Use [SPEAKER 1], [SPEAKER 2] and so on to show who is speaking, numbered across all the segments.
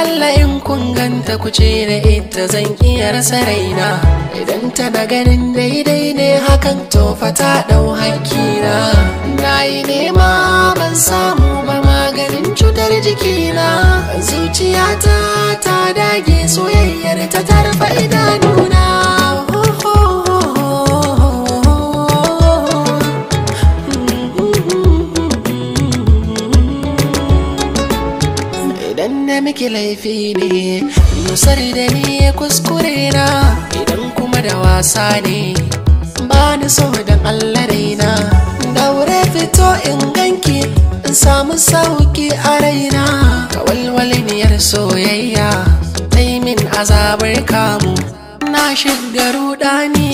[SPEAKER 1] Allah in kun ganta ku ce da ita zan iya rasa raina idan ta na ganin daidai ne hakan to fa ta dau hakina na yi nema ban samu ba maganin cutar jikina zuciyata ta dage soyayyar ta tarfa miki laifi ne musar da ni ya kuskure na idan kuma da wasa ne ba ni so da allah raina daure fito in ganki in samu sauki a raina ka walwaliniyar soyayya taimin azabar kamu na shigar rudani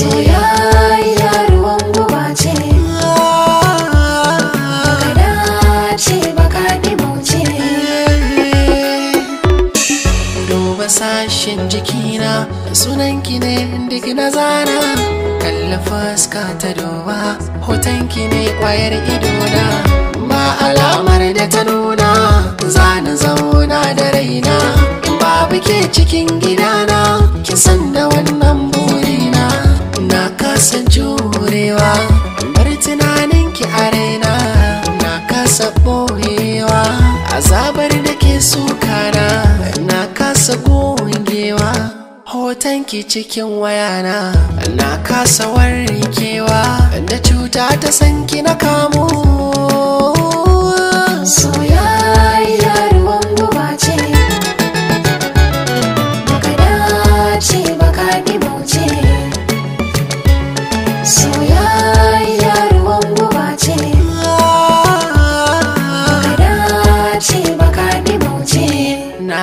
[SPEAKER 1] soyayya ruwan guba ce baka dace baka duba sashen jikina sunanki ne duk na zana kalla fuska ta duba hotonki ne kwayar idona ba alamar da ta nuna zana zauna da raina babu ke cikin gidana ki san da kasa borewa azabar da ke sukana na kasa gungewa hoton ki cikin wayana na kasa warkewa da cuta ta sanki na kamo soyayya ruwan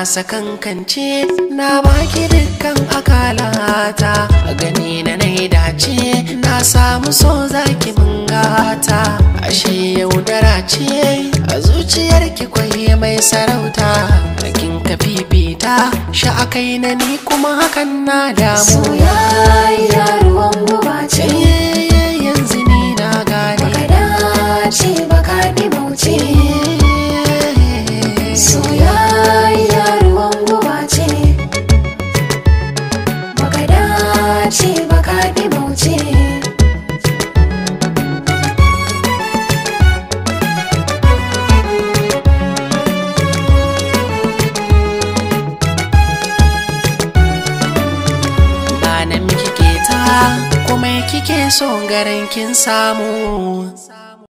[SPEAKER 1] sakankance na baki dukkan akalata a gani na nai dace na samu so zaki mun gata ashe yaudara ce a ki kwaye mai sarauta kin ka fifita sha akai na ni kuma hakan na damu ya ruwan guba ce eh. Ba nan kike ta, kuma kike son garin kin samu.